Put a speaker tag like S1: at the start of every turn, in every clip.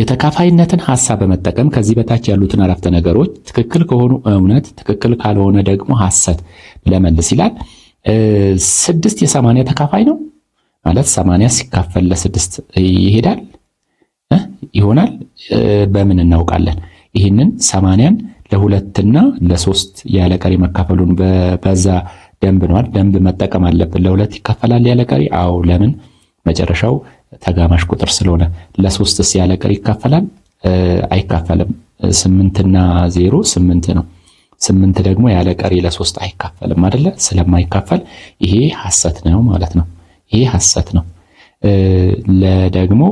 S1: የተካፋይነትን ሐሳብ በመጠቀም ከዚህ በታች ያሉትን አረፍተ ነገሮች ትክክል ከሆኑ እውነት፣ ትክክል ካልሆነ ደግሞ ሐሰት ለመልስ ይላል። ስድስት የሰማንያ ተካፋይ ነው ማለት ሰማንያ ሲካፈል ለስድስት ይሄዳል ይሆናል። በምን እናውቃለን? ይህንን ሰማንያን ለሁለትና ለሶስት ያለ ቀሪ መካፈሉን በዛ ደንብ ነዋል። ደንብ መጠቀም አለብን። ለሁለት ይካፈላል ያለ ቀሪ። አዎ ለምን መጨረሻው ተጋማሽ ቁጥር ስለሆነ ለሶስትስ ያለ ቀሪ ይካፈላል አይካፈልም። ስምንትና ዜሮ ስምንት ነው። ስምንት ደግሞ ያለ ቀሪ ለሶስት አይካፈልም አይደለ? ስለማይካፈል ይሄ ሐሰት ነው ማለት ነው። ይሄ ሐሰት ነው። ለደግሞ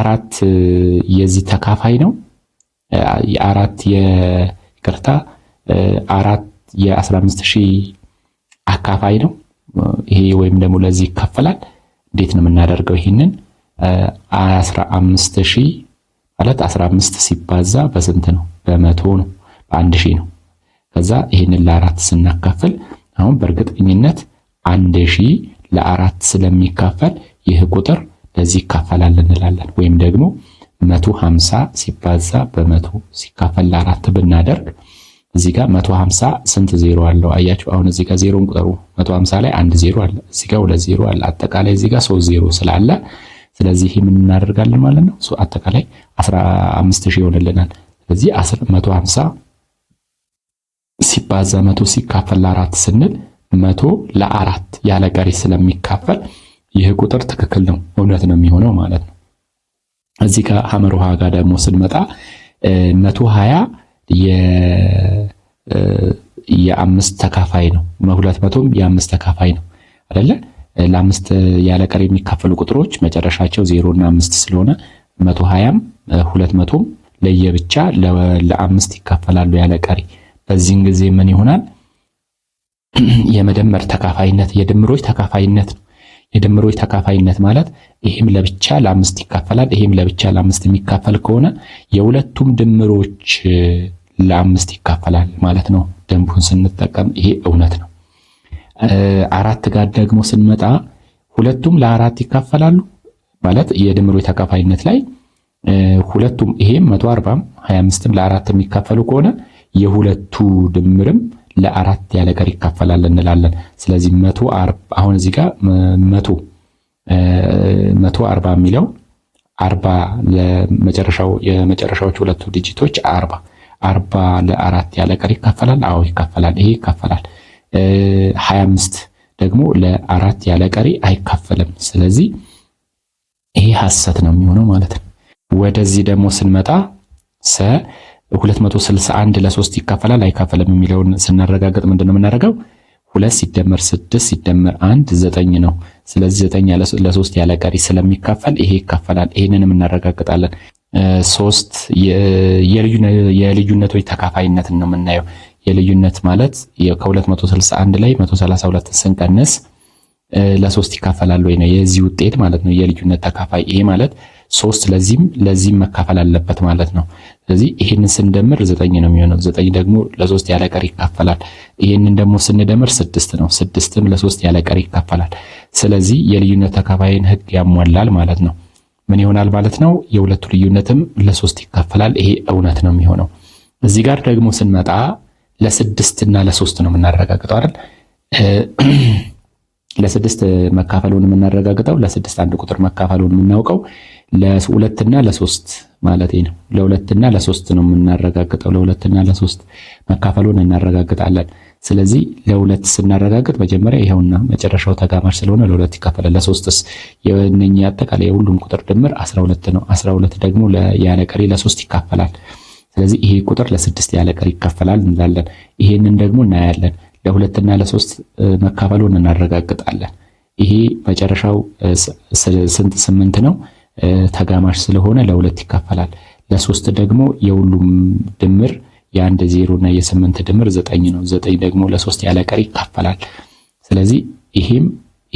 S1: አራት የዚህ ተካፋይ ነው። የአራት ይቅርታ አራት የ15000 አካፋይ ነው ይሄ ወይም ደግሞ ለዚህ ይካፈላል። እንዴት ነው የምናደርገው? ይህንን አስራ አምስት ሺህ ማለት አስራ አምስት ሲባዛ በስንት ነው? በመቶ ነው፣ በአንድ ሺህ ነው። ከዛ ይህንን ለአራት ስናካፈል አሁን በእርግጠኝነት አንድ ሺህ ለአራት ስለሚካፈል ይህ ቁጥር ለዚህ ይካፈላል እንላለን። ወይም ደግሞ መቶ ሀምሳ ሲባዛ በመቶ ሲካፈል ለአራት ብናደርግ እዚህ ጋር 150 ስንት ዜሮ አለው? አያችሁ። አሁን እዚህ ጋር ዜሮን ቁጠሩ። 150 ላይ አንድ ዜሮ አለ፣ እዚህ ጋር ሁለት ዜሮ አለ። አጠቃላይ እዚህ ጋር ሶስት ዜሮ ስላለ ስለዚህ ይሄ ምን እናደርጋለን ማለት ነው? አጠቃላይ 15000 ይሆንልናል። ስለዚህ 150 ሲባዛ መቶ ሲካፈል ለአራት ስንል መቶ ለአራት ያለ ቀሪ ስለሚካፈል ይህ ቁጥር ትክክል ነው፣ እውነት ነው የሚሆነው ማለት ነው። እዚህ ከሐመር ውሃ ጋር ደግሞ ስንመጣ 120 የአምስት ተካፋይ ነው። ሁለት መቶም የአምስት ተካፋይ ነው አይደለ? ለአምስት ያለ ቀር የሚካፈሉ ቁጥሮች መጨረሻቸው ዜሮ እና አምስት ስለሆነ መቶ ሀያም ሁለት መቶም ለየብቻ ለአምስት ይካፈላሉ ያለ ቀሪ። በዚህን ጊዜ ምን ይሆናል? የመደመር ተካፋይነት የድምሮች ተካፋይነት ነው። የድምሮች ተካፋይነት ማለት ይሄም ለብቻ ለአምስት ይካፈላል፣ ይሄም ለብቻ ለአምስት የሚካፈል ከሆነ የሁለቱም ድምሮች ለአምስት ይካፈላል ማለት ነው። ደንቡን ስንጠቀም ይሄ እውነት ነው። አራት ጋር ደግሞ ስንመጣ ሁለቱም ለአራት ይካፈላሉ ማለት የድምሮች ተካፋይነት ላይ ሁለቱም ይሄም 140 25ም ለአራት የሚካፈሉ ከሆነ የሁለቱ ድምርም ለአራት ያለ ቀሪ ይካፈላል እንላለን። ስለዚህ መቶ አሁን እዚህ ጋር መቶ መቶ አርባ የሚለው አርባ ለመጨረሻው የመጨረሻዎቹ ሁለቱ ዲጂቶች አርባ አርባ ለአራት ያለ ቀሪ ይካፈላል። አዎ ይካፈላል። ይሄ ይካፈላል። ሀያ አምስት ደግሞ ለአራት ያለ ቀሪ አይካፈልም። ስለዚህ ይሄ ሐሰት ነው የሚሆነው ማለት ነው። ወደዚህ ደግሞ ስንመጣ ሰ 261 ለሶስት ይካፈላል አይካፈልም የሚለውን ስናረጋግጥ ምንድን ነው የምናደርገው? ሁለት ሲደመር ስድስት ሲደመር አንድ ዘጠኝ ነው። ስለዚህ ዘጠኝ ለሶስት ያለ ቀሪ ስለሚካፈል ይሄ ይካፈላል። ይሄንንም እናረጋግጣለን። ሶስት የልዩነቶች ተካፋይነትን ነው የምናየው። የልዩነት ማለት ከ261 ላይ 132 ስንቀንስ ለሶስት ይካፈላል ወይ ነው የዚህ ውጤት ማለት ነው፣ የልዩነት ተካፋይ። ይሄ ማለት ሶስት ለዚህም ለዚህም መካፈል አለበት ማለት ነው። ስለዚህ ይሄንን ስንደምር ዘጠኝ ነው የሚሆነው። ዘጠኝ ደግሞ ለሶስት ያለ ቀሪ ይካፈላል። ይሄንን ደግሞ ስንደምር ስድስት ነው። ስድስትም ለሶስት ያለ ቀሪ ይካፈላል። ስለዚህ የልዩነት ተካፋይን ህግ ያሟላል ማለት ነው። ምን ይሆናል ማለት ነው? የሁለቱ ልዩነትም ለሶስት ይካፈላል። ይሄ እውነት ነው የሚሆነው። እዚህ ጋር ደግሞ ስንመጣ ለስድስት እና ለሶስት ነው የምናረጋግጠው አይደል? ለስድስት መካፈሉን የምናረጋግጠው ለስድስት አንድ ቁጥር መካፈሉን የምናውቀው ለሁለትና ለሶስት ማለት ነው። ለሁለትና ለሶስት ነው የምናረጋግጠው። ለሁለትና ለሶስት መካፈሉን እናረጋግጣለን። ስለዚህ ለሁለት ስናረጋግጥ መጀመሪያ ይኸውና መጨረሻው ተጋማሽ ስለሆነ ለሁለት ይካፈላል። ለሶስትስ የነኛ አጠቃላይ የሁሉም ቁጥር ድምር 12 ነው። 12 ደግሞ ያለቀሪ ለሶስት ይካፈላል። ስለዚህ ይሄ ቁጥር ለስድስት ያለቀሪ ይካፈላል እንላለን። ይሄንን ደግሞ እናያለን። ለሁለትና ለሶስት መካፈሉን እናረጋግጣለን። ይሄ መጨረሻው ስንት ስምንት ነው። ተጋማሽ ስለሆነ ለሁለት ይካፈላል። ለሶስት ደግሞ የሁሉም ድምር የአንድ ዜሮ እና የስምንት ድምር ዘጠኝ ነው። ዘጠኝ ደግሞ ለሶስት ያለቀር ይካፈላል። ስለዚህ ይሄም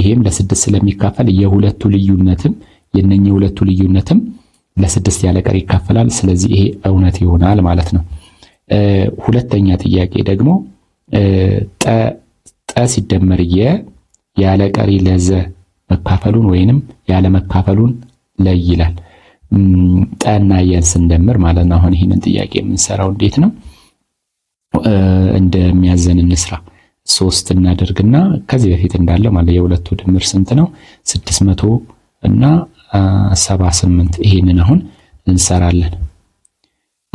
S1: ይሄም ለስድስት ስለሚካፈል የሁለቱ ልዩነትም የነኝ የሁለቱ ልዩነትም ለስድስት ያለቀር ይካፈላል። ስለዚህ ይሄ እውነት ይሆናል ማለት ነው። ሁለተኛ ጥያቄ ደግሞ ጠ ሲደመር የ ያለ ቀሪ ለዘ መካፈሉን ወይንም ያለ መካፈሉን ለይ ይላል። ጠና የን ስንደምር ማለት ነው። አሁን ይህንን ጥያቄ የምንሰራው እንዴት ነው? እንደሚያዘን እንስራ። ሶስት እናደርግና ከዚህ በፊት እንዳለው ማለት የሁለቱ ድምር ስንት ነው? ስድስት መቶ እና ሰባ ስምንት ይሄንን አሁን እንሰራለን።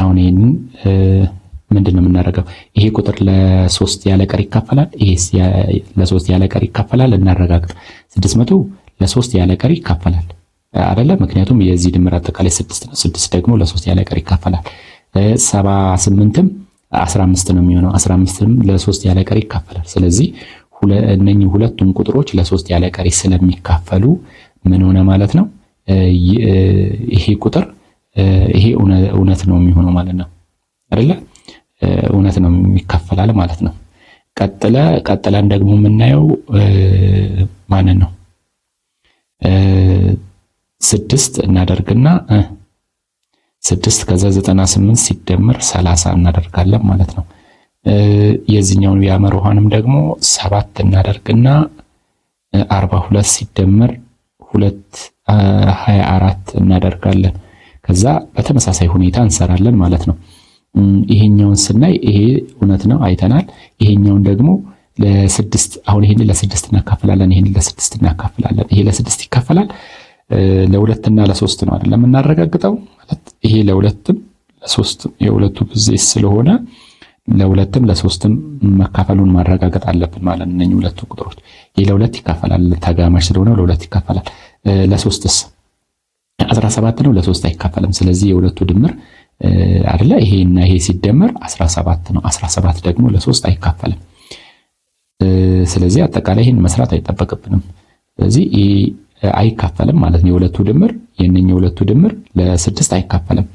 S1: አሁን ይሄንን ምንድን ነው የምናደርገው? ይሄ ቁጥር ለሶስት ያለ ቀር ይካፈላል፣ ይሄ ለሶስት ያለ ቀር ይካፈላል። እናረጋግጥ። ስድስት መቶ ለሶስት ያለ ቀር ይካፈላል አይደለም? ምክንያቱም የዚህ ድምር አጠቃላይ ስድስት ነው። ስድስት ደግሞ ለሶስት ያለ ቀር ይካፈላል። ሰባ ስምንትም አስራ አምስት ነው የሚሆነው። አስራ አምስትም ለሶስት ያለ ቀር ይካፈላል። ስለዚህ እነኚህ ሁለቱም ቁጥሮች ለሶስት ያለ ቀሪ ስለሚካፈሉ ምን ሆነ ማለት ነው? ይሄ ቁጥር ይሄ እውነት ነው የሚሆነው ማለት ነው አይደለ? እውነት ነው የሚከፈላል ማለት ነው። ቀጥለ ቀጥለን ደግሞ የምናየው ማንን ነው? ስድስት እናደርግና ስድስት ከዛ ዘጠና ስምንት ሲደመር ሰላሳ እናደርጋለን ማለት ነው። የዚህኛውን ያመር ውሃንም ደግሞ ሰባት እናደርግና አርባ ሁለት ሲደመር ሁለት ሀያ አራት እናደርጋለን። ከዛ በተመሳሳይ ሁኔታ እንሰራለን ማለት ነው። ይሄኛውን ስናይ ይሄ እውነት ነው አይተናል። ይሄኛውን ደግሞ ለስድስት አሁን ይሄን ለስድስት እናካፍላለን፣ ይሄን ለስድስት እናካፍላለን። ይሄ ለስድስት ይካፈላል ለሁለት እና ለሶስት ነው አይደለም የምናረጋግጠው ማለት ይሄ ለሁለትም ለሶስትም የሁለቱ ጊዜ ስለሆነ ለሁለትም ለሶስትም መካፈሉን ማረጋገጥ አለብን ማለት ነው። እነኚህ ሁለቱ ቁጥሮች ይሄ ለሁለት ይካፈላል ተጋማሽ ስለሆነ ለሁለት ይካፈላል። ለሶስትስ 17 ነው፣ ለሶስት አይካፈልም። ስለዚህ የሁለቱ ድምር አደለ? ይሄና ይሄ ሲደመር 17 ነው። 17 ደግሞ ለሶስት አይካፈልም። ስለዚህ አጠቃላይ ይሄን መስራት አይጠበቅብንም። ስለዚህ አይካፈልም ማለት ነው። የሁለቱ ድምር የነኛ የሁለቱ ድምር ለስድስት አይካፈልም።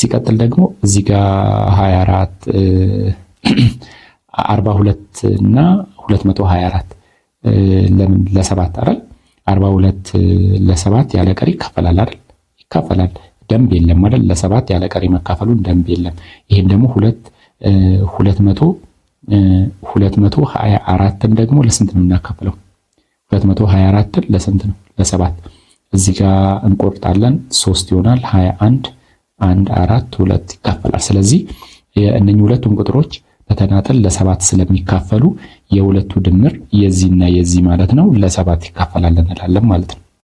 S1: ሲቀጥል ደግሞ እዚህ ጋር 24 42 እና 224 ለምን ለሰባት አይደል? 42 ለሰባት ያለ ቀሪ ይካፈላል አይደል? ይካፈላል ደንብ የለም ማለት ለሰባት ያለ ቀሪ መካፈሉን ደንብ የለም። ይህም ደግሞ ሁለት ሁለት መቶ ሁለት መቶ ሀያ አራትን ደግሞ ለስንት ነው የምናካፍለው? ሁለት መቶ ሀያ አራትን ለስንት ነው? ለሰባት እዚህ ጋር እንቆርጣለን። ሶስት ይሆናል። ሀያ አንድ አንድ አራት ሁለት ይካፈላል። ስለዚህ እነኚህ ሁለቱም ቁጥሮች በተናጠል ለሰባት ስለሚካፈሉ የሁለቱ ድምር የዚህና የዚህ ማለት ነው ለሰባት ይካፈላል እንላለን ማለት ነው።